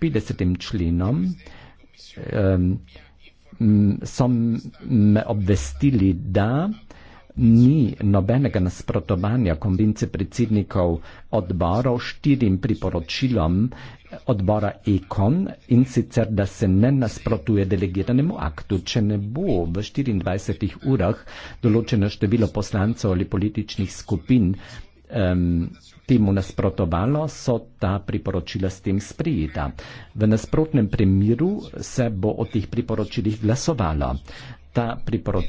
50. členom so me obvestili, da ni nobenega nasprotovanja konvencije predsednikov odborov štirim priporočilom odbora ECON in sicer, da se ne nasprotuje delegiranemu aktu. Če ne bo v 24 urah določeno število poslancev ali političnih skupin um, temu nasprotovalo, so ta priporočila s tem sprijeta. V nasprotnem primeru se bo o teh priporočilih glasovalo. Ta priporoč,